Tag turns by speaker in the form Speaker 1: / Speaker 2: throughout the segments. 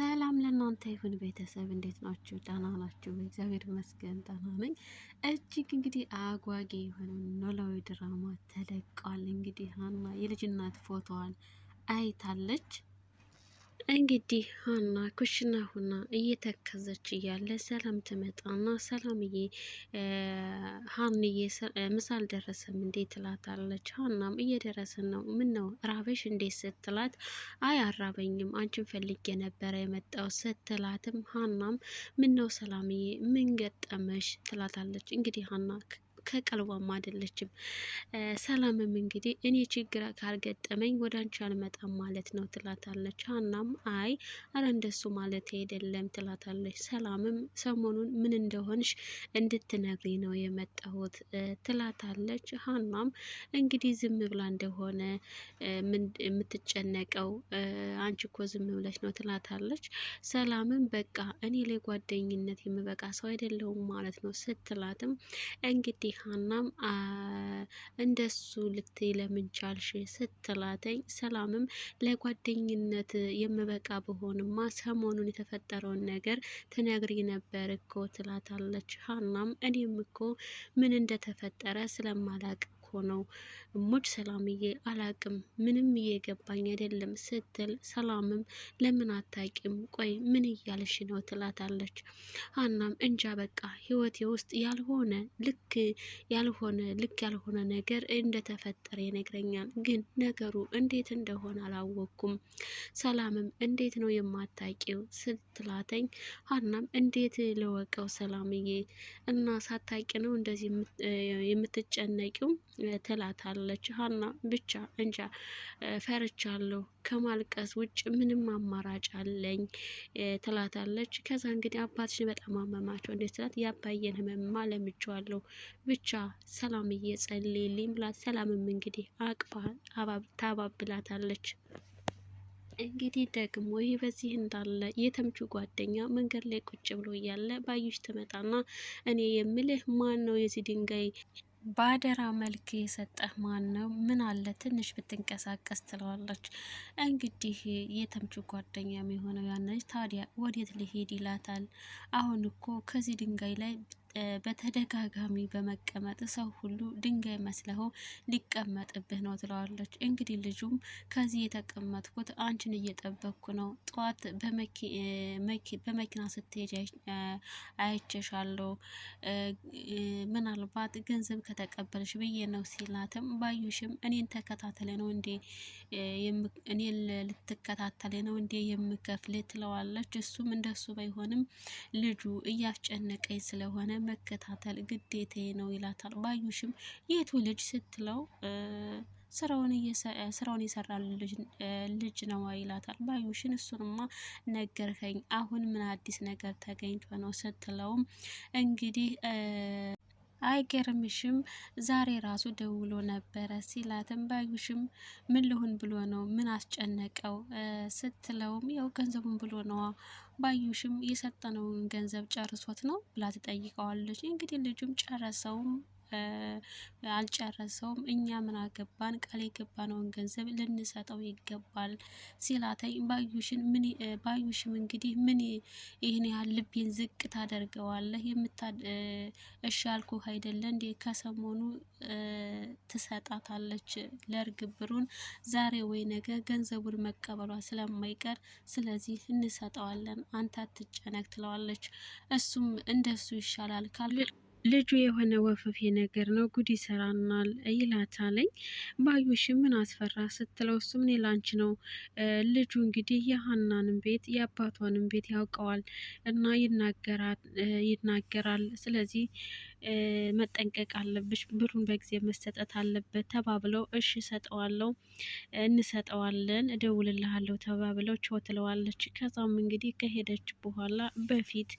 Speaker 1: ሰላም ለእናንተ ይሁን ቤተሰብ፣ እንዴት ናችሁ? ደህና ናችሁ? እግዚአብሔር ይመስገን ደህና ነኝ። እጅግ እንግዲህ አጓጊ የሆነ ኖላዊ ድራማ ተለቋል። እንግዲህ ሀና የልጅናት ፎቶዋን አይታለች። እንግዲህ ሀና ኩሽና ሁና እየተከዘች እያለ ሰላም ትመጣና ሰላምዬ ሀንዬ ምሳ አልደረሰም እንዴ ትላታለች። ሀናም እየደረሰን ነው፣ ምን ነው ራበሽ እንዴት ስትላት፣ አይ አራበኝም አንቺን ፈልጌ ነበረ የመጣው ስትላትም፣ ሀናም ምን ነው ሰላምዬ ምን ገጠመሽ ትላታለች። እንግዲህ ሀና ከቀልቧም አይደለችም። ሰላምም እንግዲህ እኔ ችግር ካልገጠመኝ ወደ አንቺ አልመጣም ማለት ነው ትላታለች። ሀናም አይ አረ እንደሱ ማለት አይደለም ትላታለች። ሰላምም ሰሞኑን ምን እንደሆንሽ እንድትነግሪ ነው የመጣሁት ትላታለች። ሀናም እንግዲህ ዝም ብላ እንደሆነ የምትጨነቀው አንቺ እኮ ዝም ብለሽ ነው ትላታለች። ሰላምም በቃ እኔ ለጓደኝነት የምበቃ ሰው አይደለሁም ማለት ነው ስትላትም እንግዲህ እንግዲህ ሀናም እንደሱ ልትይ ለምን ቻልሽ ስትላተኝ፣ ሰላምም ለጓደኝነት የምበቃ ብሆንማ ሰሞኑን የተፈጠረውን ነገር ትነግሪ ነበር እኮ ትላታለች። ሀናም እኔም እኮ ምን እንደተፈጠረ ስለማላቅ እኮ ነው እሙድ ሰላምዬ አላቅም ምንም እየገባኝ አይደለም ስትል ሰላምም ለምን አታቂም ቆይ ምን እያልሽ ነው ትላታለች ሀናም እንጃ በቃ ህይወቴ ውስጥ ያልሆነ ልክ ያልሆነ ልክ ያልሆነ ነገር እንደተፈጠረ ይነግረኛል ግን ነገሩ እንዴት እንደሆነ አላወቅኩም ሰላምም እንዴት ነው የማታቂው ስትላተኝ ሀናም እንዴት ለወቀው ሰላምዬ እና ሳታቂ ነው እንደዚህ የምትጨነቂው ትላታለች ሀና። ብቻ እንጃ ፈርቻለሁ፣ ከማልቀስ ውጭ ምንም አማራጭ አለኝ ትላታለች። ከዛ እንግዲህ አባትሽ በጣም አመማቸው እንዴት ትላት፣ ያባየን ህመምማ ለምቼዋለሁ፣ ብቻ ሰላም እየጸልይልኝ ብላት፣ ሰላምም እንግዲህ አቅፋ ታባብላታለች። እንግዲህ ደግሞ ይህ በዚህ እንዳለ የተምቹ ጓደኛ መንገድ ላይ ቁጭ ብሎ እያለ ባዩሽ ትመጣና እኔ የምልህ ማን ነው የዚህ ድንጋይ በአደራ መልክ የሰጠህ ማን ነው? ምን አለ ትንሽ ብትንቀሳቀስ ትለዋለች። እንግዲህ የተምቹ ጓደኛ የሆነው ያነች ታዲያ ወዴት ልሄድ ይላታል። አሁን እኮ ከዚህ ድንጋይ ላይ በተደጋጋሚ በመቀመጥ ሰው ሁሉ ድንጋይ መስለኸው ሊቀመጥብህ ነው ትለዋለች። እንግዲህ ልጁም ከዚህ የተቀመጥኩት አንቺን እየጠበቅኩ ነው፣ ጠዋት በመኪና ስትሄጅ አይቸሻለሁ፣ ምናልባት ገንዘብ ከተቀበልሽ ብዬ ነው ሲላትም፣ ባዩሽም እኔን ተከታተለ ነው እንዴ እኔን ልትከታተለ ነው እንዴ የምከፍል ትለዋለች። እሱም እንደሱ ባይሆንም ልጁ እያስጨነቀኝ ስለሆነ መከታተል ግዴታዬ ነው ይላታል። ባዩሽም የቱ ልጅ ስትለው ስራውን የሰራል ልጅ ነው ይላታል። ባዩሽን እሱንማ ነገርከኝ፣ አሁን ምን አዲስ ነገር ተገኝቶ ነው ስትለውም እንግዲህ አይገርምሽም ዛሬ ራሱ ደውሎ ነበረ ሲላትም ባዩሽም ምን ልሁን ብሎ ነው ምን አስጨነቀው ስትለውም ያው ገንዘቡን ብሎ ነዋ ባዩሽም የሰጠነውን ገንዘብ ጨርሶት ነው ብላ ትጠይቀዋለች። እንግዲህ ልጁም ጨረሰውም አልጨረሰውም። እኛ ምን አገባን? ቃል የገባነውን ገንዘብ ልንሰጠው ይገባል ሲላተኝ ባዩሽን ምን ባዩሽም እንግዲህ ምን ይህን ያህል ልቤን ዝቅ ታደርገዋለህ? የምታ እሺ አልኩህ አይደለ እንዴ? ከሰሞኑ ትሰጣታለች ለእርግብ ብሩን ዛሬ ወይ ነገ ገንዘቡን መቀበሏ ስለማይቀር ስለዚህ እንሰጠዋለን፣ አንተ አትጨነቅ ትለዋለች። እሱም እንደሱ ይሻላል ካሉ ልጁ የሆነ ወፈፌ ነገር ነው ጉድ ይሰራናል ይላታለኝ። ባዩሽ ምን አስፈራ ስትለው እሱ ምን ላንች ነው ልጁ እንግዲህ የሀናንም ቤት የአባቷንም ቤት ያውቀዋል እና ይናገራል። ስለዚህ መጠንቀቅ አለብሽ፣ ብሩን በጊዜ መሰጠት አለበት ተባብለው እሺ ሰጠዋለው እንሰጠዋለን እደውልልሃለሁ ተባብለው ችወትለዋለች። ከዛም እንግዲህ ከሄደች በኋላ በፊት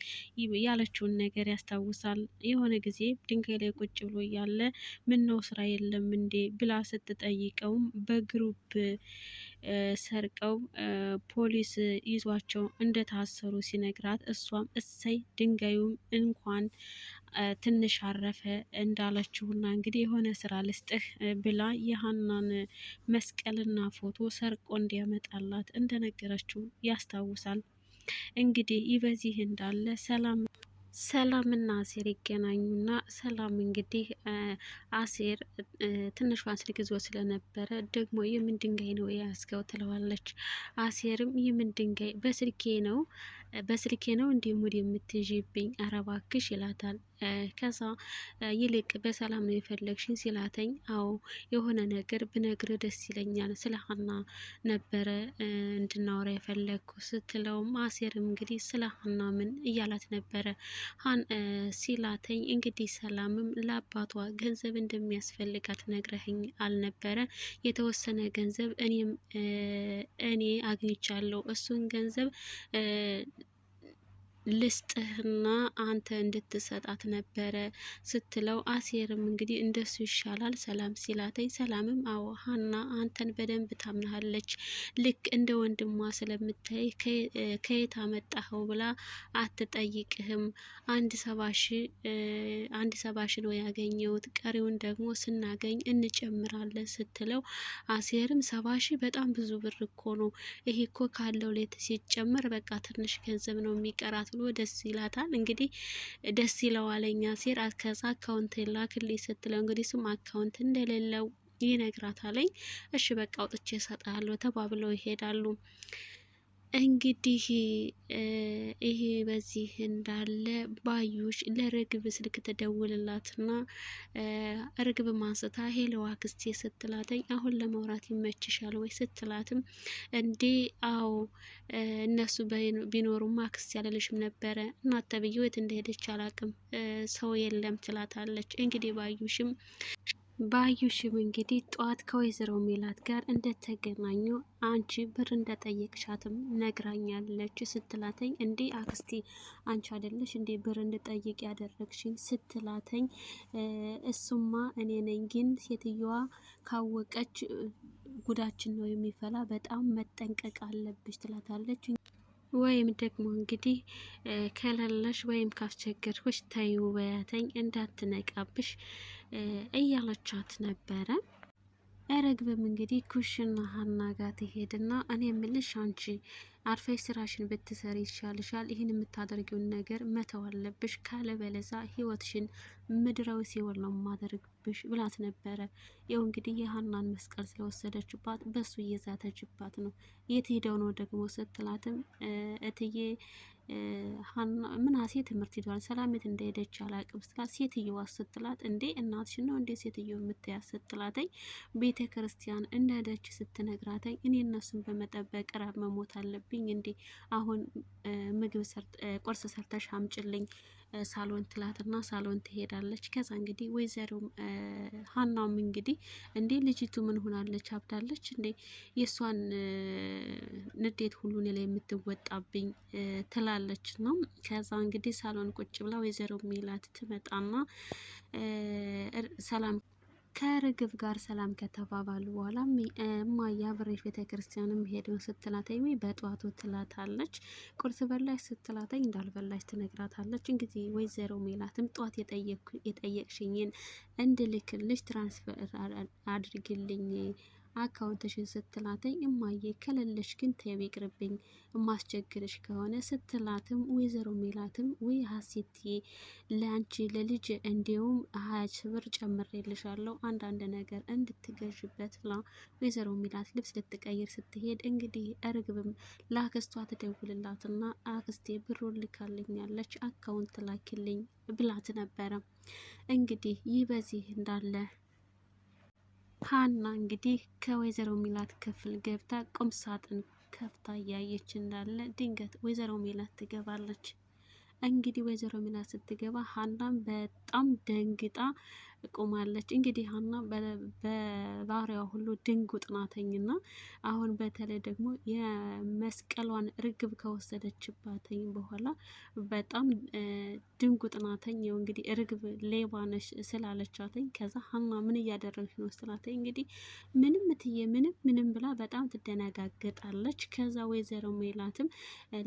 Speaker 1: ያለችውን ነገር ያስታውሳል። የሆነ ጊዜ ድንጋይ ላይ ቁጭ ብሎ እያለ ምነው ስራ የለም እንዴ ብላ ስትጠይቀውም በግሩፕ ሰርቀው ፖሊስ ይዟቸው እንደታሰሩ ሲነግራት እሷም እሰይ ድንጋዩም እንኳን ትንሽ አረፈ እንዳለችውና እንግዲህ የሆነ ስራ ልስጥህ ብላ የሀናን መስቀልና ፎቶ ሰርቆ እንዲያመጣላት እንደነገረችው ያስታውሳል። እንግዲህ ይህ በዚህ እንዳለ ሰላም ሰላምና አሴር ይገናኙና ሰላም እንግዲህ አሴር ትንሿን ስልክ ይዞ ስለነበረ ደግሞ የምን ድንጋይ ነው የያዝከው ትለዋለች። አሴርም የምን ድንጋይ በስልኬ ነው በስልኬ ነው እንዴ ሙድ የምትይዥብኝ? አረባክሽ እባክሽ ይላታል። ከዛ ይልቅ በሰላም ነው የፈለግሽኝ ሲላተኝ፣ አዎ የሆነ ነገር ብነግር ደስ ይለኛል፣ ስለ ሀና ነበረ እንድናወራ የፈለግኩ ስትለውም፣ አሴርም እንግዲህ ስለ ሀና ምን እያላት ነበረ ሲላተኝ፣ እንግዲህ ሰላምም ለአባቷ ገንዘብ እንደሚያስፈልጋት ነግረህኝ አልነበረ? የተወሰነ ገንዘብ እኔም እኔ አግኝቻለሁ እሱን ገንዘብ ልስጥህና አንተ እንድትሰጣት ነበረ ስትለው፣ አሴርም እንግዲህ እንደሱ ይሻላል ሰላም ሲላተኝ፣ ሰላምም አዎ ሀና አንተን በደንብ ታምናሃለች፣ ልክ እንደ ወንድሟ ስለምታይ ከየት አመጣኸው ብላ አትጠይቅህም። አንድ ሰባሺ አንድ ሰባሺ ነው ያገኘሁት፣ ቀሪውን ደግሞ ስናገኝ እንጨምራለን ስትለው፣ አሴርም ሰባሺ በጣም ብዙ ብር እኮ ነው፣ ይሄ እኮ ካለው ሌት ሲጨመር በቃ ትንሽ ገንዘብ ነው የሚቀራት ብሎ ደስ ይላታል። እንግዲህ ደስ ይለዋለኛ ሲር ከዛ አካውንት ላክል ስትለው እንግዲህ እሱም አካውንት እንደሌለው ይነግራታለኝ። እሺ በቃ አውጥቼ እሰጥሃለሁ ተባብለው ይሄዳሉ። እንግዲህ ይሄ በዚህ እንዳለ ባዩሽ ለርግብ ስልክ ተደውልላትና ርግብ ማንስታ ሄሎዋ ክስቴ ስትላተኝ አሁን ለመውራት ይመችሻል ወይ ስትላትም፣ እንዴ አዎ እነሱ ቢኖሩማ ክስ ያለልሽም ነበረ እናት ተብዬ የት እንደሄደች አላቅም ሰው የለም ትላታለች። እንግዲህ ባዩሽም ባዩሽም እንግዲህ ጠዋት ከወይዘሮ ሜላት ጋር እንደተገናኙ አንቺ ብር እንደጠየቅሻትም ነግራኛለች ስትላተኝ፣ እንዴ አክስቴ አንቺ አደለሽ እንዴ ብር እንድጠይቅ ያደረግሽኝ ስትላተኝ፣ እሱማ እኔ ነኝ፣ ግን ሴትየዋ ካወቀች ጉዳችን ነው የሚፈላ፣ በጣም መጠንቀቅ አለብሽ ትላታለች። ወይም ደግሞ እንግዲህ ከለለሽ ወይም ካስቸገርኩሽ ተይውበያተኝ እንዳትነቃብሽ እያለቻት ነበረ። እርግብም እንግዲህ ኩሽና ሀና ጋር ትሄድና እኔ ምልሽ አንቺ አርፈሽ ስራሽን ብትሰሪ ይሻልሻል። ይህን የምታደርጊውን ነገር መተው አለብሽ፣ ካለበለዛ ህይወትሽን ምድረው ሲወል ነው ማደርግ አለብሽ ብላት ነበረ። ያው እንግዲህ የሀናን መስቀል ስለወሰደችባት በሱ እየዛተችባት ነው። የት ሄደው ነው ደግሞ ስትላትም እትዬ ምናሴ ትምህርት ሄደዋል፣ ሰላሜት እንደሄደች አላቅም ስትላት ሴትየዋ ስትላት እንዴ እናትሽ ነው እንዴ ሴትዮ የምትያ ስትላተኝ ቤተ ክርስቲያን እንደሄደች ስትነግራተኝ እኔ እነሱን በመጠበቅ ራብ መሞት አለብኝ እንዴ አሁን ምግብ ቁርስ ሰርተሽ አምጭልኝ ሳሎን ትላትና ሳሎን ትሄዳለች። ከዛ እንግዲህ ወይዘሮ ሀናም እንግዲህ እንዴ ልጅቱ ምን ሆናለች? አብዳለች እንዴ? የእሷን ንዴት ሁሉ እኔ ላይ የምትወጣብኝ ትላለች ነው። ከዛ እንግዲህ ሳሎን ቁጭ ብላ ወይዘሮ ሜላት ትመጣና ሰላም ከርግብ ጋር ሰላም ከተባባሉ በኋላ እማዬ አብሬሽ ቤተ ክርስቲያን ሄደው ስትላት ሚ በጠዋቱ ትላታለች። ቁርስ በላሽ ስትላተኝ እንዳልበላሽ ትነግራታለች። እንግዲህ ወይዘሮ ሜላትም ጠዋት የጠየቅሽኝን እንድልክልሽ ትራንስፈር አድርግልኝ አካውንትሽን ስትላተኝ እማዬ ከለለሽ ግን ተይው ይቅርብኝ እማስቸግርሽ ከሆነ ስትላትም ወይዘሮ ሜላትም ወይ ሀሴትዬ ለአንቺ ለልጅ እንዲሁም ሀያ ሺ ብር ጨምሬልሻለሁ አንዳንድ ነገር እንድትገዥበት ብላ ወይዘሮ ሜላት ልብስ ልትቀይር ስትሄድ እንግዲህ እርግብም ለአክስቷ ትደውልላትና አክስቴ ብሩን ልካልኛለች አካውንት ላኪልኝ ብላት ነበረ። እንግዲህ ይህ በዚህ እንዳለ ሀና እንግዲህ ከወይዘሮ ሚላት ክፍል ገብታ ቁም ሳጥን ከፍታ እያየች እንዳለ ድንገት ወይዘሮ ሚላት ትገባለች። እንግዲህ ወይዘሮ ሚላት ስትገባ ሀናም በጣም ደንግጣ ቆማለች። እንግዲህ ሀና በባህሪዋ ሁሉ ድንጉጥ ናተኝና አሁን በተለይ ደግሞ የመስቀሏን ርግብ ከወሰደችባተኝ በኋላ በጣም ድንጉጥ ጥናተኝ ው እንግዲህ ርግብ ሌባ ነሽ ከዛ ሀና ምን እያደረግሽ ነው ስላተኝ እንግዲህ ምንም እትዬ ምንም ምንም ብላ በጣም ትደነጋገጣለች። ከዛ ወይዘሮ ሜላትም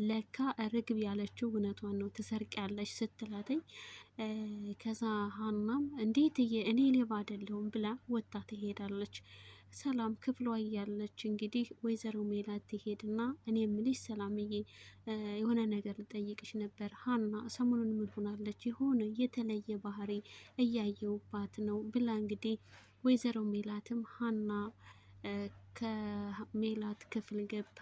Speaker 1: ለካ ርግብ ያለችው እውነቷን ነው ያለች ስትላተኝ ከዛ ሀናም እንዴት እትዬ እኔ ሌባ አይደለሁም ብላ ወጣ ትሄዳለች። ሰላም ክፍሏ እያለች እንግዲህ ወይዘሮ ሜላት ትሄድና እኔ የምልሽ ሰላምዬ የሆነ ነገር ልጠይቅሽ ነበር። ሀና ሰሞኑን ምን ሆናለች? የሆነ የተለየ ባህሪ እያየውባት ነው ብላ እንግዲህ ወይዘሮ ሜላትም ሀና ከሜላት ክፍል ገብታ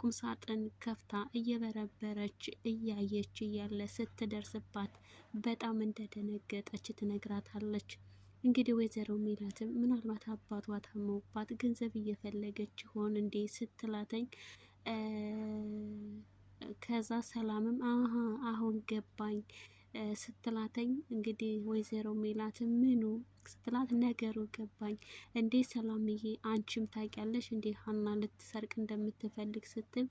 Speaker 1: ቁምሳጥን ከፍታ እየበረበረች እያየች እያለ ስትደርስባት በጣም እንደደነገጠች ትነግራታለች። እንግዲህ ወይዘሮ ሜላትም ምናልባት አባቷ ታመውባት ገንዘብ እየፈለገች ይሆን እንዴ ስትላተኝ ከዛ ሰላምም አሀ አሁን ገባኝ ስትላተኝ እንግዲህ ወይዘሮ ሜላት ምኑ ስትላት ነገሩ ገባኝ። እንዴ ሰላምዬ አንቺም ታውቂያለሽ እንዴ ሀና ልትሰርቅ እንደምትፈልግ ስትል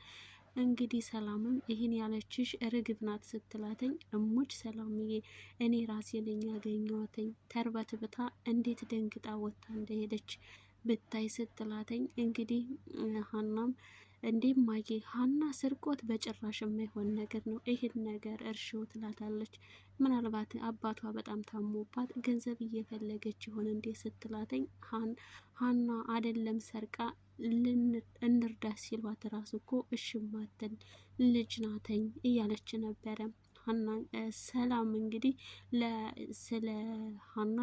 Speaker 1: እንግዲህ ሰላምም ይህን ያለችሽ ርግብ ናት ስትላተኝ፣ እሙች ሰላምዬ እኔ ራሴ ነኝ ያገኘኋትኝ ተርበት ብታ እንዴት ደንግጣ ወጥታ እንደሄደች ብታይ ስትላተኝ እንግዲህ ሀናም እንዴም ማጌ ሀና ስርቆት በጭራሽ የማይሆን ነገር ነው፣ ይህን ነገር እርሺው ትላታለች። ምናልባት አባቷ በጣም ታሞባት ገንዘብ እየፈለገች ይሆን እንዴ ስትላተኝ ሀና አደለም ሰርቃ እንርዳ ሲሏት ራሱ እኮ እሽማተን ልጅ ናተኝ እያለች ነበረ። ሀና ሰላም እንግዲህ ስለ ሀና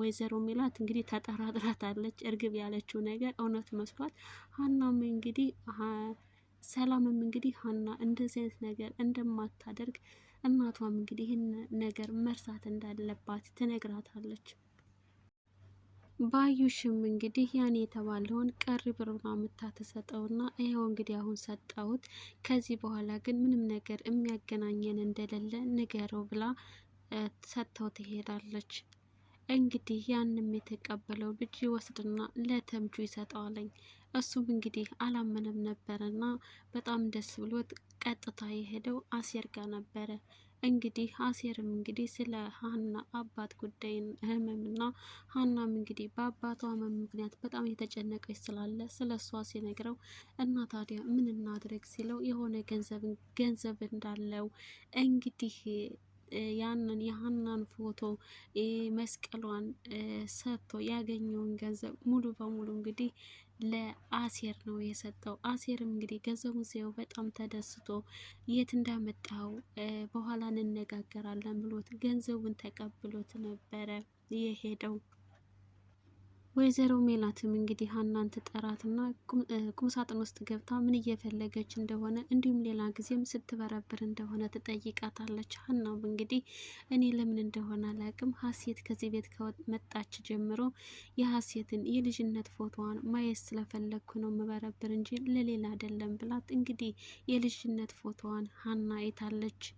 Speaker 1: ወይዘሮ ሚላት እንግዲህ ተጠራጥራታለች። እርግብ ያለችው ነገር እውነት መስሏት ሀናም እንግዲህ ሰላምም እንግዲህ ሀና እንደዚህ አይነት ነገር እንደማታደርግ እናቷም እንግዲህ ይህን ነገር መርሳት እንዳለባት ትነግራታለች። ባዩሽም እንግዲህ ያን የተባለውን ቀሪ ብር አምታ ተሰጠውና ይኸው እንግዲህ አሁን ሰጠሁት፣ ከዚህ በኋላ ግን ምንም ነገር የሚያገናኘን እንደሌለ ንገረው ብላ ሰጥተው ትሄዳለች። እንግዲህ ያንም የተቀበለው ልጅ ይወስድና ለተምቹ ይሰጠዋለኝ። እሱም እንግዲህ አላመነም ነበረና በጣም ደስ ብሎት ቀጥታ የሄደው አሴር ጋር ነበረ። እንግዲህ አሴርም እንግዲህ ስለ ሀና አባት ጉዳይን ህመምና ሀናም እንግዲህ በአባቷ ህመም ምክንያት በጣም የተጨነቀች ስላለ ስለ እሷ ሲነግረው እና ታዲያ ምን እናድረግ ሲለው የሆነ ገንዘብ ገንዘብ እንዳለው እንግዲህ ያንን የሀናን ፎቶ መስቀሏን ሰጥቶ ያገኘውን ገንዘብ ሙሉ በሙሉ እንግዲህ ለአሴር ነው የሰጠው። አሴርም እንግዲህ ገንዘቡን ሲያየው በጣም ተደስቶ የት እንዳመጣው በኋላ እንነጋገራለን ብሎት ገንዘቡን ተቀብሎት ነበረ የሄደው። ወይዘሮ ሜላትም እንግዲህ ሀናን ትጠራትና ቁምሳጥን ውስጥ ገብታ ምን እየፈለገች እንደሆነ እንዲሁም ሌላ ጊዜም ስትበረብር እንደሆነ ትጠይቃታለች። ሀናም እንግዲህ እኔ ለምን እንደሆነ አላቅም ሀሴት ከዚህ ቤት ከመጣች ጀምሮ የሀሴትን የልጅነት ፎቶዋን ማየት ስለፈለግኩ ነው ምበረብር እንጂ ለሌላ አይደለም ብላት እንግዲህ የልጅነት ፎቶዋን ሀና አይታለች።